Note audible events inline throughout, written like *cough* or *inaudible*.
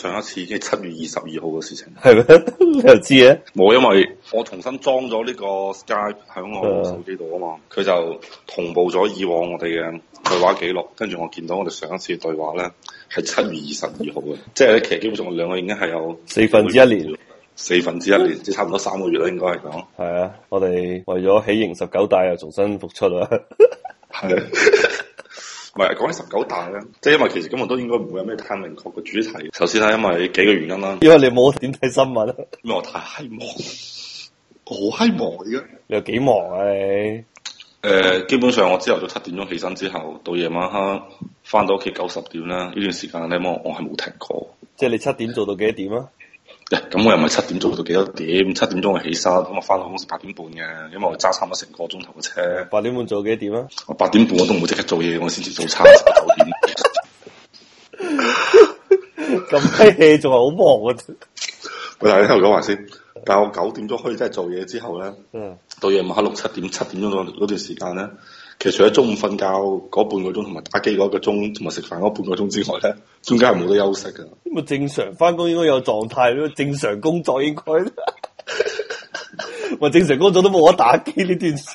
上一次即係七月二十二號嘅事情，係咪？你又知嘅？冇，因為我重新裝咗呢個 Skype 喺我手機度啊嘛，佢的就同步咗以往我哋嘅對話記錄，跟住我見到我哋上一次對話咧係七月二十二號嘅， *laughs* 即係咧其實基本上我兩個已經係有四分之一年，月四分之一年 *laughs* 即係差唔多三個月啦，應該係講。係啊，我哋為咗喜迎十九大又重新復出啦。係 *laughs* 。 *laughs* 唔係，講起十九大啦，即係因為其實今日都應該唔會有咩太明確嘅主題。首先係，因為幾個原因啦。因為你冇點睇新聞，因為我太閪忙，好閪忙而家。你又幾忙啊？誒、呃，基本上我朝頭早七點鐘起身之後，到夜晚黑翻到屋企九十點啦，呢段時間咧，我我係冇停過。即係你七點做到幾多點啊？咁、嗯、我又唔係七點做到幾多點？七點鐘我起身，咁我翻到公司八點半嘅，因為我揸差唔多成個鐘頭嘅車。八點半做幾多點啊？我八點半我都唔會即刻做嘢，我先至早餐九 *laughs* 點。咁夜仲係好忙啊！喂，但係你聽我講話先，但係我九點鐘可以真係做嘢之後咧，嗯、到夜晚黑六七點七點鐘嗰段時間咧。其實除咗中午瞓覺嗰半個鐘，同埋打機嗰一個鐘，同埋食飯嗰半個鐘之外咧，中間係冇得休息噶咁啊正常返工應該有狀態咯，正常工作應該。我 *laughs* 正常工作都冇得打機呢件事。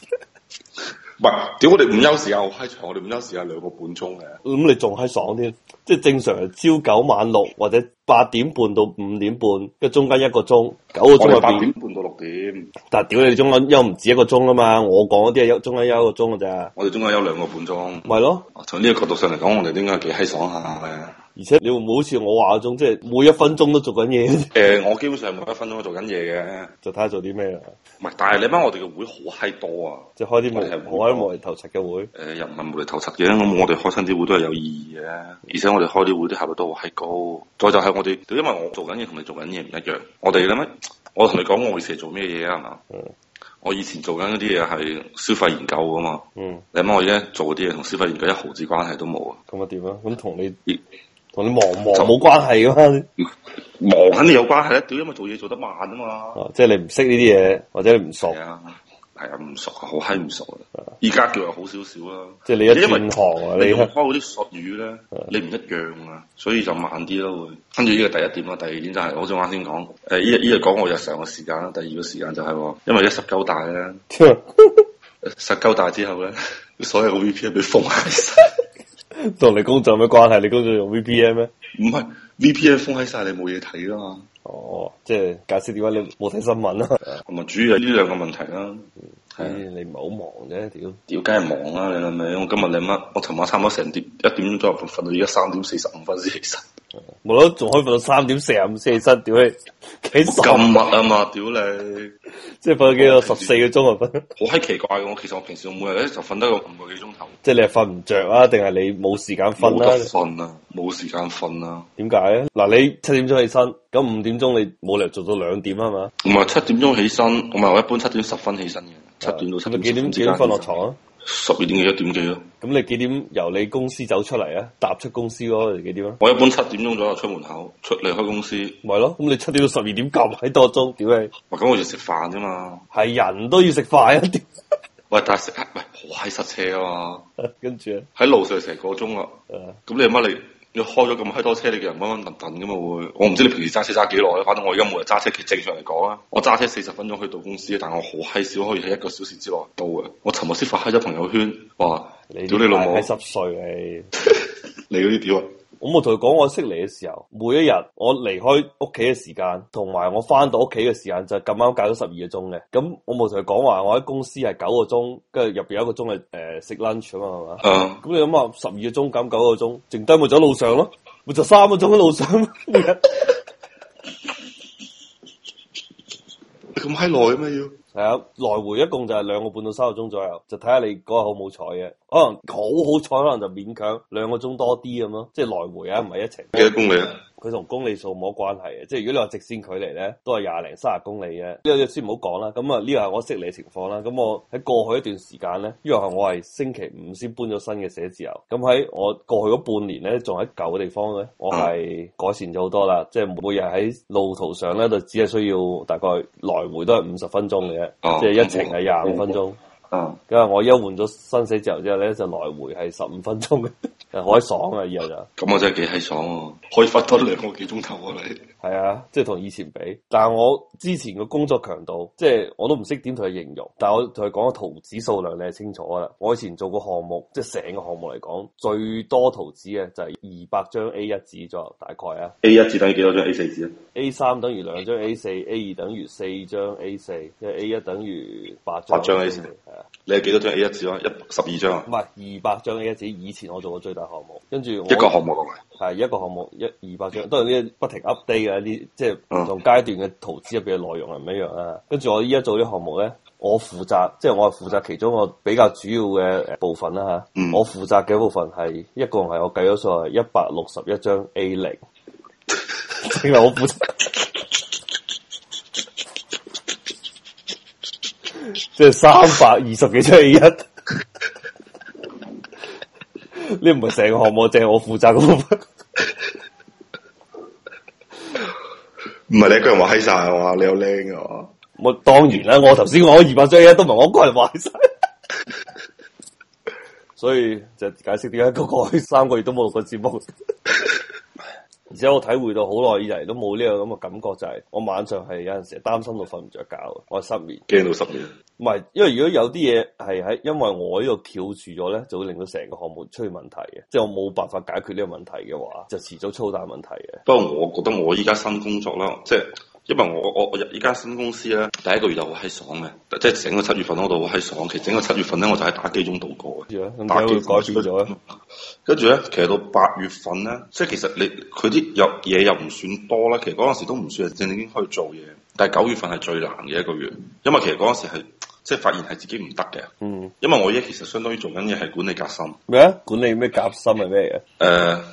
喂，屌我哋午休時間好嗨長，我哋午休時間兩個半鐘嘅。咁、嗯、你仲嗨爽啲？即係正常朝九晚六或者八點半到五點半，跟中間一個鐘，九個鐘八點半到六點。但係屌你哋中間休唔止一個鐘啦嘛？我講嗰啲係中間休一個鐘噶咋。我哋中間休兩個半鐘。咪咯。從呢個角度上嚟講，我哋點解幾嗨爽下嘅。而且你會唔會好似我話嗰種，即係每一分鐘都做緊嘢？誒、 *laughs* 呃，我基本上每一分鐘都做緊嘢嘅，就睇下做啲咩啦。唔係，但係你諗我哋嘅會好閪多啊！即係開啲問題冇開無厘頭柒嘅會。誒、呃，又唔係無厘頭柒嘅，咁我哋開新啲會都係有意義嘅。而且我哋開啲會啲效率都好閪高。再就係我哋，因為我做緊嘢同你做緊嘢唔一樣。我哋咧乜？我同你講我、嗯、我以前做咩嘢啊？係嘛？我以前做緊嗰啲嘢係消費研究㗎嘛？嗯。你諗我而家做嗰啲嘢同消費研究一毫子關係都冇啊？咁啊點樣？咁同你。 *laughs* 同你忙忙就冇關係噶嘛，嗯、忙肯定有關係啦，屌，因為做嘢做得慢啊嘛。啊即係你唔識呢啲嘢，或者你唔熟啊，係啊，唔熟，熟，熟啊，好閪唔熟啊。而家叫又好少少啦，即係你有啲文堂啊，你用開嗰啲術語咧，你唔一樣啊，所以就慢啲咯。跟住呢個第一點啦，第二點就係、是、我早啱先講，誒、呃，呢日呢日講我日常嘅時間啦，第二個時間就係、是，因為一十九大咧，十九 *laughs* 大之後咧，所有 V P N 被封晒。同你工作有咩關係？你工作用 VPN 咩？唔係 VPN 封喺晒，你冇嘢睇啦嘛。哦，即係解釋點解你冇睇新聞啦、啊。同埋 *laughs* 主要係呢兩個問題啦。係你唔係好忙啫？屌 *laughs* 啊，屌梗係忙啦！你諗下，我今日你乜？我尋晚差唔多成點一點鐘左右瞓，瞓到而家三點四十五分先起身。冇諗，仲可以瞓到三點四啊五四起身，屌你！咁密啊嘛，屌你！即係瞓咗幾個十四個鐘啊分，好閪奇怪嘅我。其實我平時我每日咧就瞓得個五個幾鐘頭。即係你係瞓唔着啊，定係你冇時間瞓得瞓啊，冇時間瞓啊？點解咧？嗱，你七點鐘起身，咁五點鐘你冇理由做到兩點啊嘛？唔係七點鐘起身，唔係、嗯、我一般七點十分起身嘅，七點到七點的幾點，幾點瞓落床啊？十二點幾一點幾咯？咁你幾點由你公司走出嚟啊？踏出公司咯？嚟幾點啊？我一般七點鐘左右出門口，出離開公司。咪咯，咁你七點到十二點咁閪多鐘？屌你、啊！喂，咁我就食飯啫嘛。係人都要食飯啊！喂，但係食喂好閪塞車啊嘛，跟住喺路上成個鐘啦。咁、 *laughs* 嗯、你乜你。你開咗咁閪多車，你嘅人穩穩陣陣嘅嘛會醇醇？我唔知你平時揸車揸幾耐咧，反正我而家每日揸車，正常嚟講啊，我揸車四十分鐘去到公司，但係我好閪少可以喺一個小時之內到啊。我尋日先發開咗朋友圈，話屌你，你老母，十歲你嗰啲屌。 *laughs* 我冇同佢講我識嚟嘅時候，每一日我離開屋企嘅時間同埋我翻到屋企嘅時間就咁啱隔咗十二個鐘嘅，咁我冇同佢講話我喺公司係九個鐘，跟住入邊有一個鐘係誒食 lunch 啊嘛，係嘛？咁、uh. 你諗下十二個鐘減九個鐘，剩低咪就喺路上咯，咪就三、是、個鐘喺路上，咁閪耐啊嘛要。係來回一共就係兩個半到三個鐘左右，就睇下你嗰日好唔好彩嘅。可能好好彩，可能就勉強兩個鐘多啲咁咯，即係來回啊，唔係一程。幾多公里？佢同公里數冇關係嘅，即係如果你話直線距離咧，都係廿零三十公里嘅。呢個先唔好講啦。咁啊，呢個係我識你嘅情況啦。咁我喺過去一段時間咧，呢個係我係星期五先搬咗新嘅寫字樓。咁喺我過去嗰半年咧，仲喺舊嘅地方咧，我係改善咗好多啦。即係每日喺路途上咧，就只係需要大概來回都係五十分鐘嘅啫，啊、即係一程係廿五分鐘。啊！Uh, 因為我而家換咗生死之後呢，之後咧就來回係十五分鐘，好 *laughs* 爽啊！以後就咁，我真係幾嗨爽喎，可以瞓多兩個幾鐘頭啊！你係啊，即係同以前比，但係我之前個工作強度，即係我都唔識點同佢形容，但係我同佢講個圖紙數量，你係清楚噶啦。我以前做過項目，即係成個項目嚟講，最多圖紙嘅就係二百張 A 一紙左右，大概啊。A 一紙等於幾多張 A 四紙啊？A 三等於兩張 A 四，A 二等於四張 A 四，即係 A 一等於八張 A 四。係啊。你有幾多張 A 一紙啊？一十二張啊？唔係二百張 A 一紙，以前我做過最大項目，跟住一個項目嚟，係一個項目，一二百張，都係呢不停 update 嘅呢，即係唔同階段嘅圖紙入邊嘅內容係唔一樣啊。跟住我依家做啲項目咧，我負責，即係我係負責其中個比較主要嘅部分啦吓。嗯、我負責嘅部分係一共係我計咗數係一百六十一張 A 零，因為我負責。即係三百二十幾張 A1，呢唔係成個項目淨係我負責嘅部分。唔係你一個人話閪晒係嘛？你好靚嘅嘛？我當然啦，我頭先講二百張 A1 都唔係我一個人話閪晒， *laughs* 所以就解釋點解嗰個三個月都冇錄過節目。 *laughs* 而且我體會到好耐以嚟都冇呢個咁嘅感覺，就係、是、我晚上係有陣時擔心到瞓唔着覺，我失眠，驚到失眠。唔係，因為如果有啲嘢係喺，因為我呢度跳住咗咧，就會令到成個項目出現問題嘅。即係我冇辦法解決呢個問題嘅話，就遲早操大問題嘅。不過我覺得我依家新工作啦，即係。因為我我我入依間新公司咧，第一個月就好閪爽嘅，即係整個七月份嗰度好閪爽。其實整個七月份咧，我就喺打機中度過嘅，嗯、打機機 改咗咗。跟住咧，其實到八月份咧，即係其實你佢啲又嘢又唔算多啦。其實嗰陣時都唔算正正經可以做嘢。但係九月份係最難嘅一個月，因為其實嗰陣時係即係發現係自己唔得嘅。嗯。因為我而家其實相當於做緊嘢係管理革新。咩啊？管理咩革新係咩嘅？誒、呃，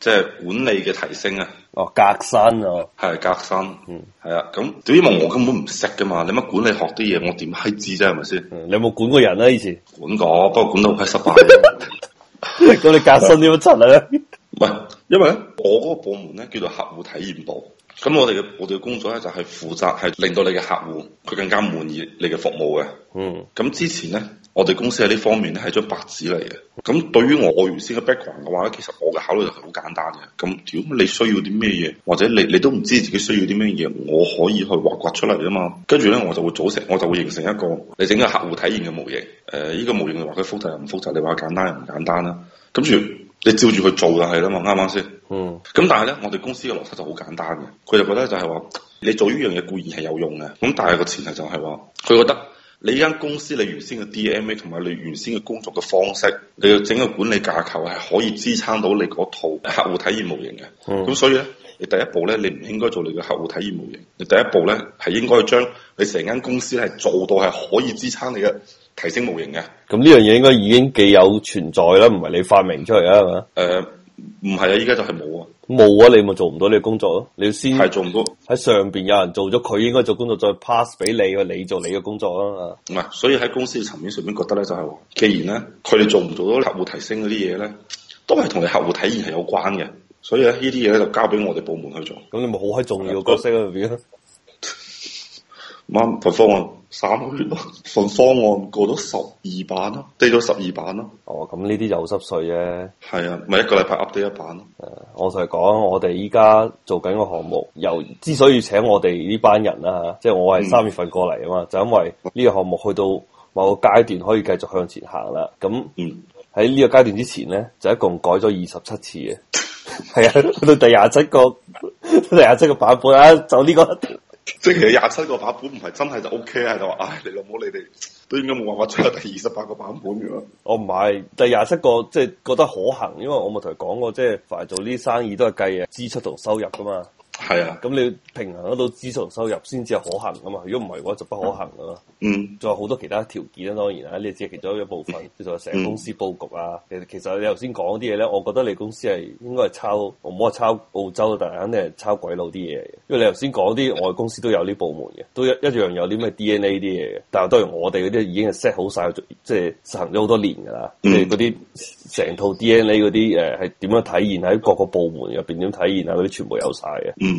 即係管理嘅提升啊！哦，隔山啊，係隔山，嗯，係啊，咁對於我，我根本唔識噶嘛，你乜管理學啲嘢，我點閪知啫，係咪先？你有冇管過人啊？以前管過，不過管得好閪失敗。咁你隔山點樣做咧？唔係，因為咧， *laughs* 我嗰個部門咧叫做客戶體驗部。咁我哋嘅我哋嘅工作咧就係負責，係令到你嘅客戶佢更加滿意你嘅服務嘅。嗯。咁之前咧，我哋公司喺呢方面咧係張白紙嚟嘅。咁對於我原先嘅 background 嘅話咧，其實我嘅考慮就係好簡單嘅。咁如果你需要啲咩嘢，或者你你都唔知自己需要啲咩嘢，我可以去挖掘出嚟啊嘛。跟住咧，我就會組成，我就會形成一個你整個客戶體驗嘅模型。誒、呃、依、呢個模型你話佢複雜又唔複雜，你話簡單又唔簡單啦。跟住。你照住去做就係啦嘛，啱啱先？嗯。咁但係咧，我哋公司嘅邏輯就好簡單嘅，佢就覺得就係話，你做呢樣嘢固然係有用嘅，咁但係個前提就係話，佢覺得你間公司你原先嘅 DMA 同埋你原先嘅工作嘅方式，你嘅整個管理架構係可以支撐到你嗰套客戶體驗模型嘅。咁、嗯、所以咧，你第一步咧，你唔應該做你嘅客戶體驗模型，你第一步咧係應該將你成間公司係做到係可以支撐你嘅。提升模型嘅，咁呢樣嘢應該已經既有存在啦，唔係你發明出嚟啊？係嘛、呃？誒，唔係啊，依家就係冇啊，冇啊，你咪做唔到你嘅工作咯。你先係做唔到，喺上邊有人做咗，佢應該做工作再 pass 俾你，啊。你做你嘅工作啊嘛。唔係，所以喺公司層面上面覺得咧、就係，就係既然咧，佢哋做唔做到客戶提升嗰啲嘢咧，都係同你客戶體驗係有關嘅。所以咧，呢啲嘢咧就交俾我哋部門去做。咁你咪好喺重要嘅角色入邊咯。的 *laughs* 啱份方案三個月咯，份方案過咗十二版咯，低咗十二版咯。哦，咁呢啲又濕碎啫。係啊，咪、啊、一個禮拜 update 一版咯，嗯。我就係講我哋依家做緊個項目，由之所以請我哋呢班人啊，即係我係三月份過嚟啊嘛，嗯，就因為呢個項目去到某個階段可以繼續向前行啦。咁喺呢個階段之前咧，就一共改咗二十七次嘅。係 *laughs* 啊，去到第廿七個，第廿七個版本啊，就呢、呢個。即係其實廿七個版本唔係真係、OK, 就 O K 喺度，唉、哎，你老母你哋都應該冇辦法出咗第二十八個版本噶啦。我唔係，第廿七個即係、就是、覺得可行，因為我咪同佢講過，即、就、係、是、凡係做呢啲生意都係計嘅支出同收入噶嘛。係啊，咁你平衡得到資助收入先至係可行噶嘛？如果唔係嘅話，就不可行噶啦。嗯，仲有好多其他條件啊，當然啦，呢只係其中一部分。就做、是、成公司佈局啊，嗯、其實你頭先講啲嘢咧，我覺得你公司係應該係抄，唔好話抄澳洲，但係肯定係抄鬼佬啲嘢。因為你頭先講啲，我哋公司都有啲部門嘅，都一一樣有啲咩 D N A 啲嘢嘅。但係當然我哋嗰啲已經係 set 好晒，即、就、係、是、實行咗好多年噶啦。即係嗰啲成套 D N A 嗰啲誒，係點樣體現喺各個部門入邊點體現啊？嗰啲全部有晒。嘅。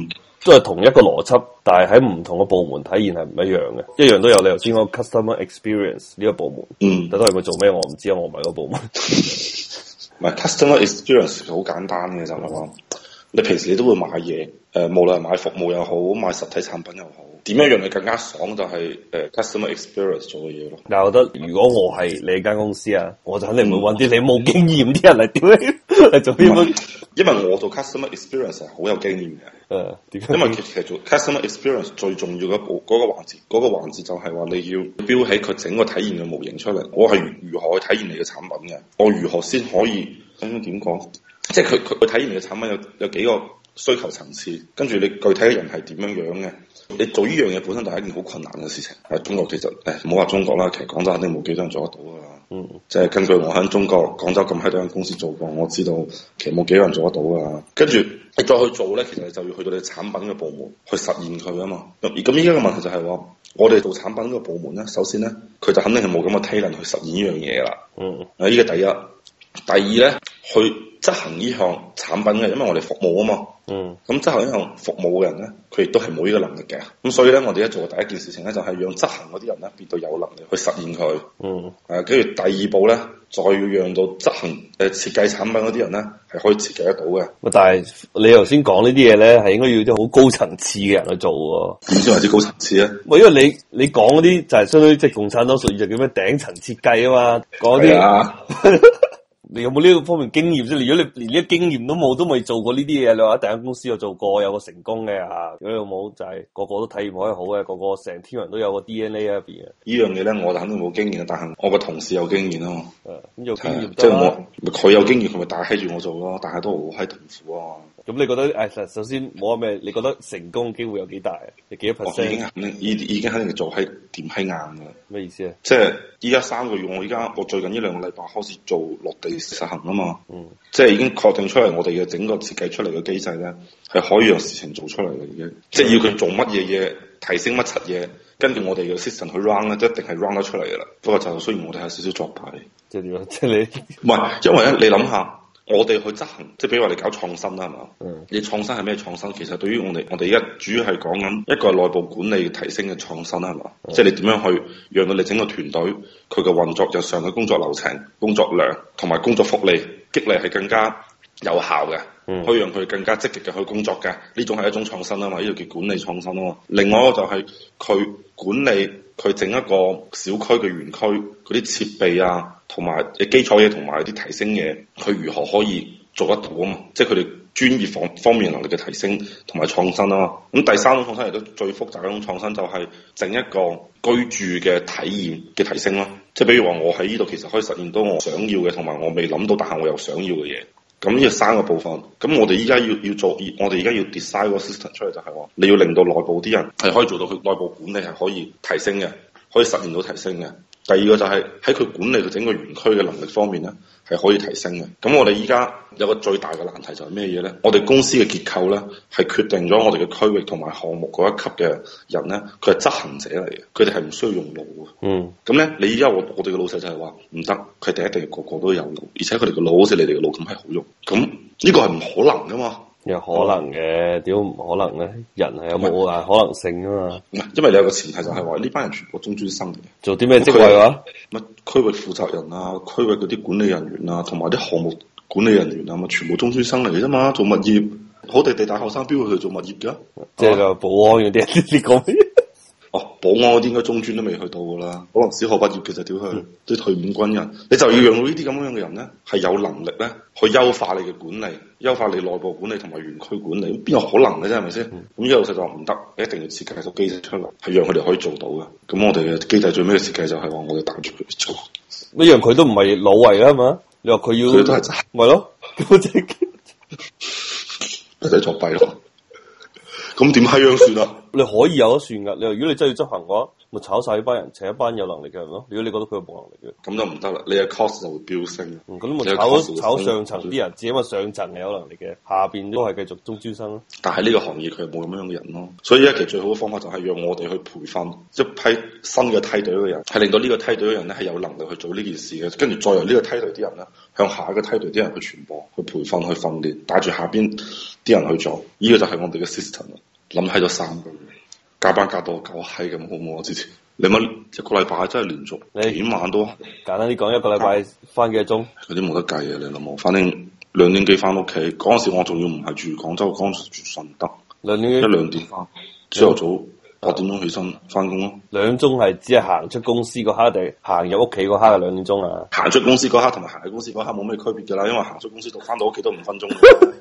都係同一個邏輯，但係喺唔同嘅部門體現係唔一樣嘅，一樣都有你頭先講 customer experience 呢個部門，嗯，但係會做咩我唔知啊，我唔係嗰個部門，唔 *laughs* 係 customer experience 好簡單嘅就係話。Mm hmm. 你平時你都會買嘢，誒、呃，無論買服務又好，買實體產品又好，點樣讓你更加爽就係、是、誒、呃、customer experience 做嘅嘢咯。嗱，我覺得如果我係你間公司啊，我就肯定會揾啲你冇經驗啲人嚟點樣嚟做，因為因為我做 customer experience 係好有經驗嘅，誒、嗯，為因為其實做 customer experience 最重要嘅一步嗰個環節，嗰、那個環節就係話你要標喺佢整個體驗嘅模型出嚟，我係如何去體驗你嘅產品嘅，我如何先可以咁點講？即係佢佢佢體驗嘅產品有有幾個需求層次，跟住你具體嘅人係點樣樣嘅？你做呢樣嘢本身就係一件好困難嘅事情。喺中國其實誒，冇話中國啦，其實廣州肯定冇幾多人做得到啊。嗯。即係根據我喺中國廣州咁閪多間公司做過，我知道其實冇幾個人做得到啊。跟住你再去做咧，其實就要去到你產品嘅部門去實現佢啊嘛。咁而咁依家嘅問題就係話，我我哋做產品嘅部門咧，首先咧佢就肯定係冇咁嘅體能去實現呢樣嘢啦。嗯。啊！依個第一。第二咧，去執行呢項產品嘅，因為我哋服務啊嘛。嗯。咁執行呢項服務嘅人咧，佢亦都係冇呢個能力嘅。咁所以咧，我哋一做第一件事情咧，就係讓執行嗰啲人咧變到有能力去實現佢。嗯。誒、啊，跟住第二步咧，再要讓到執行誒設計產品嗰啲人咧，係可以設計得到嘅。但係你頭先講呢啲嘢咧，係應該要啲好高層次嘅人去做喎。點先為之高層次咧？喂，因為你你講嗰啲就係、是、相對即係共產黨屬於就叫咩頂層設計啊嘛，講啲。是的 *laughs* 你有冇呢個方面經驗即？如果你連呢個經驗都冇，都未做過呢啲嘢，你話第一間公司有做過，有個成功嘅，如果你有冇就係、是、個，個個都體驗好開好嘅，個個成天人都有個 DNA 入邊嘅。呢樣嘢咧，我就肯定冇經驗啊，但係我個同事有經驗咯。誒、嗯，咁、嗯、有經驗是即係我佢有經驗，佢咪帶喺住我做咯，大家都好喺痛苦啊。咁、嗯、你覺得誒、哎，首先冇咩？你覺得成功機會有幾大？你幾多 percent？已已經肯定係做喺點喺硬嘅。咩意思啊？即係依家三個月，我依家我最近呢兩個禮拜開始做落地。實行啊嘛，嗯、即係已經確定出嚟，我哋嘅整個設計出嚟嘅機制咧，係可以讓事情做出嚟嘅。已經，嗯、即係要佢做乜嘢嘢，提升乜柒嘢，跟住我哋嘅 system 去 run 咧，一定係 run 得出嚟嘅啦。不過就雖然我哋有少少作弊即，即係點樣？即係你，唔係，因為咧，你諗下。我哋去執行，即係比如話、嗯、你搞創新啦，係嘛？你創新係咩創新？其實對於我哋，我哋而家主要係講緊一個內部管理提升嘅創新啦，係嘛？嗯、即係你點樣去讓到你整個團隊，佢嘅運作日常嘅工作流程、工作量同埋工作福利激勵係更加。有效嘅，可以、嗯、讓佢更加積極嘅去工作嘅，呢種係一種創新啊嘛，呢度叫管理創新啊嘛。另外一個就係佢管理佢整一個小區嘅園區，嗰啲設備啊，同埋啲基礎嘢，同埋啲提升嘢，佢如何可以做得到啊嘛？即係佢哋專業方方面能力嘅提升同埋創新啊嘛。咁第三種創新亦都最複雜一種創新，就係整一個居住嘅體驗嘅提升咯。即係比如話，我喺呢度其實可以實現到我想要嘅，同埋我未諗到但係我又想要嘅嘢。咁呢三個部分，咁我哋依家要要做，我哋依家要 design 個 system 出嚟就係話，你要令到內部啲人係可以做到佢內部管理係可以提升嘅，可以實現到提升嘅。第二個就係喺佢管理佢整個園區嘅能力方面咧，係可以提升嘅。咁我哋依家有個最大嘅難題就係咩嘢咧？我哋公司嘅結構咧，係決定咗我哋嘅區域同埋項目嗰一級嘅人咧，佢係執行者嚟嘅，佢哋係唔需要用腦嘅。嗯，咁咧，你依家我我哋嘅老細就係話唔得，佢哋一定個個都有腦，而且佢哋嘅腦好似你哋嘅腦咁係好用，咁呢個係唔可能㗎嘛。可可有，有可能嘅，點唔可能咧？人係有無限可能性噶嘛，唔因為你有個前提就係話呢班人全部中專生嚟，做啲咩職位嘅？乜區域負責人啊，區域嗰啲管理人員啊，同埋啲項目管理人員啊，咪全部中專生嚟啫嘛？做物業，好地地大學生邊會去做物業嘅？即係保安嗰啲你講保安嗰啲應該中專都未去到噶啦，可能小學畢業其實屌佢，啲退伍軍人，你就要讓到呢啲咁樣嘅人咧，係有能力咧去優化你嘅管理，優化你內部管理同埋園區管理，邊有可能嘅啫，係咪先？咁呢個老實話唔得，一定要設計個機制出嚟，係讓佢哋可以做到嘅。咁我哋嘅機制最尾嘅設計就係話，我哋等住佢哋做。一樣佢都唔係老維啦嘛，你話佢要，所以都係，咪咯？唔使作弊咯。咁點係樣算啊？ *laughs* 你可以有得算噶，你話如果你真係要執行嘅話，咪炒晒呢班人，請一班有能力嘅人咯。如果你覺得佢冇能力嘅，咁就唔得啦。你嘅 cost 就會飆升。咁炒上層啲人，只因為上層係有能力嘅，下邊都係繼續中專生咯。但係呢個行業佢又冇咁樣嘅人咯，所以其實最好嘅方法就係讓我哋去培訓一批新嘅梯隊嘅人，係令到呢個梯隊嘅人咧係有能力去做呢件事嘅，跟住再由呢個梯隊啲人咧向下一個梯隊啲人去傳播、去培訓、去訓練，帶住下邊啲人去做。呢、呢個就係我哋嘅 system 諗起咗三個月，加班加到狗閪咁好唔好？之前你乜一個禮拜真係連續幾晚都？簡單啲講，一個禮拜翻幾個鐘？嗰啲冇得計啊！你諗下，反正兩點幾翻屋企。嗰陣時我仲要唔係住廣州，嗰時住住順德，兩點幾一兩點翻朝頭早八點鐘起身翻工咯。兩鐘係只係行出公司嗰刻定行入屋企嗰刻係兩點鐘啊！行出公司嗰刻同埋行入公司嗰刻冇咩區別噶啦，因為行出公司同翻到屋企都五分鐘。 *laughs* *laughs*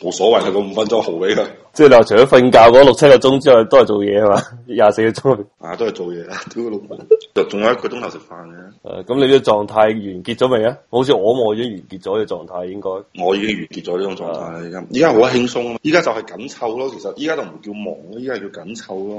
冇所謂啦，個五分鐘好俾佢。即係話除咗瞓覺嗰六七個鐘之外，都係做嘢啊嘛，廿四個鐘。啊，都係做嘢啦，屌佢老母。就仲 *laughs* 有一個鐘頭食飯嘅。誒、啊，咁你嘅狀態完結咗未啊？好似我我已經完結咗嘅狀態，應該我已經完結咗呢種狀態啦。而家好輕鬆啊！而家就係緊湊咯。其實而家就唔叫忙咯，而家係叫緊湊咯。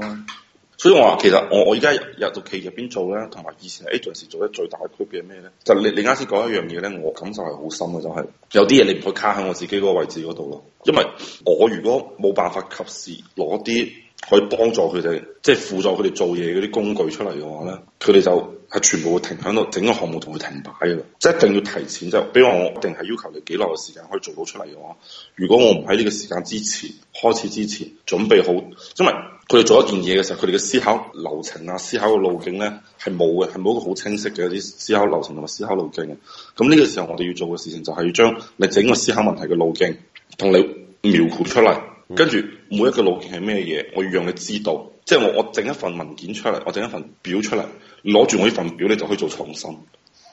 所以我話其實我我而家入到企業入邊做咧，同埋以前 agency、欸、做得最大嘅區別係咩咧？就你你啱先講一樣嘢咧，我感受係好深嘅，就係、是、有啲嘢你唔可以卡喺我自己嗰個位置嗰度咯。因為我如果冇辦法及時攞啲可以幫助佢哋，即、就、係、是、輔助佢哋做嘢嗰啲工具出嚟嘅話咧，佢哋就係全部會停喺度，整個項目同佢停擺嘅喇。即、就、係、是、一定要提前，就比如話我一定係要求你幾耐嘅時間可以做到出嚟嘅話，如果我唔喺呢個時間之前開始之前準備好，因為佢哋做一件嘢嘅時候，佢哋嘅思考流程啊、思考嘅路徑咧，係冇嘅，係冇一個好清晰嘅啲思考流程同埋思考路徑嘅。咁呢個時候，我哋要做嘅事情就係要將你整個思考問題嘅路徑同你描繪出嚟，跟住每一個路徑係咩嘢，我要讓你知道。即係我我整一份文件出嚟，我整一份表出嚟，攞住我呢份表你就可以做創新。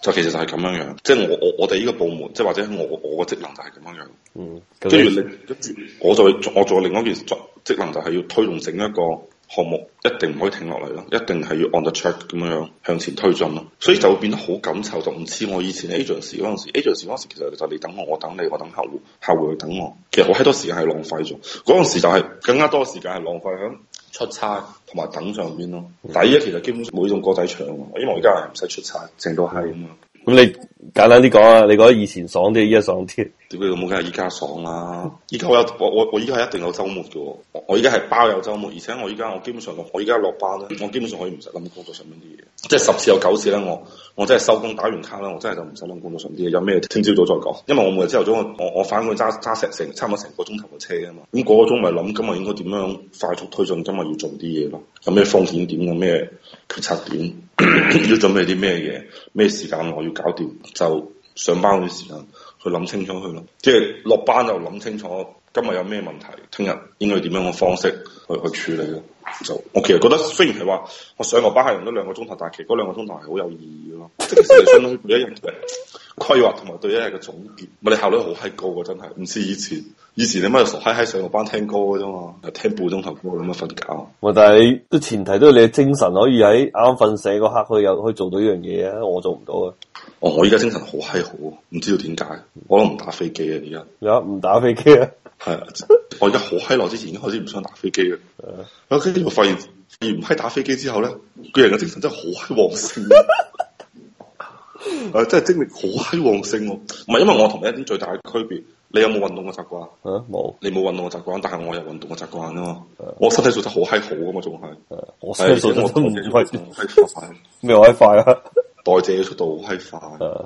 就其實就係咁樣樣，即係我我我哋呢個部門，即係或者我我個職能就係咁樣樣。嗯，跟住你跟住，我就我做另外一件職職能，就係要推動整一個項目，一定唔可以停落嚟咯，一定係要按得 check 咁樣樣向前推進咯。所以就會變得好緊湊，就唔似我以前 agency 時嗰陣、嗯、ag 時，agency 時嗰陣時其實就你等我，我等你，我等客戶，客戶去等我。其實我喺多時間係浪費咗，嗰陣時就係更加多時間係浪費喺，出差同埋等上邊咯，嗯、第一其實基本上冇呢種歌仔唱喎，因為我而家係唔使出差，成到係咁樣咁、嗯、你。簡單啲講啊，你覺得以前爽啲，依家爽啲？點解咁冇？梗係依家爽啦！依家我有我我我依家係一定有周末嘅，我依家係包有周末，而且我依家我基本上我我依家落班咧，我基本上可以唔使諗工作上面啲嘢，即係十次有九次咧，我我真係收工打完卡咧，我真係就唔使諗工作上啲嘢。有咩？聽朝早再講，因為我每日朝頭早我我翻去揸揸石城，差唔多成個鐘頭嘅車啊嘛。咁、那、嗰個鐘咪諗今日應該點樣快速推進，今日要做啲嘢咯。有咩風險點？有咩決策點？ *laughs* 要準備啲咩嘢？咩時間我要搞掂？就上班嗰啲時間去諗清楚去咯，即係落班就諗清楚。今日有咩問題？聽日應該點樣嘅方式去去處理咯？就我其實覺得，雖然係話我上落班係用咗兩個鐘頭，但係其實嗰兩個鐘頭係好有意義咯。即係相當於每一日規劃同埋對一日嘅總結。咪你效率好閪高啊。真係唔似以前。以前你乜傻閪閪上落班聽歌㗎啫嘛，聽半鐘頭歌咁樣瞓覺。我但係都前提都係你嘅精神可以喺啱啱瞓醒嗰刻去，可以有可以做到呢樣嘢啊！我做唔到啊。哦，我依家精神好閪好，唔知道點解。我都唔打飛機啊，而家。有唔打飛機啊？係，啊、 *laughs* 我而家好嗨耐之前已經開始唔想打飛機啦。我跟住發現，而唔係打飛機之後咧，個人嘅精神真係好閪旺盛，誒，即係精力好閪旺盛咯。唔係因為我同你一啲最大嘅區別，你有冇運動嘅習慣？啊，冇。你冇運動嘅習慣，但係我有運動嘅習慣啫嘛。啊、我身體素質好閪好噶嘛，仲係、啊。我身體素質都唔係好嗨快。咩好嗨快啊？代謝 *laughs* *laughs* 嘅速度好閪快。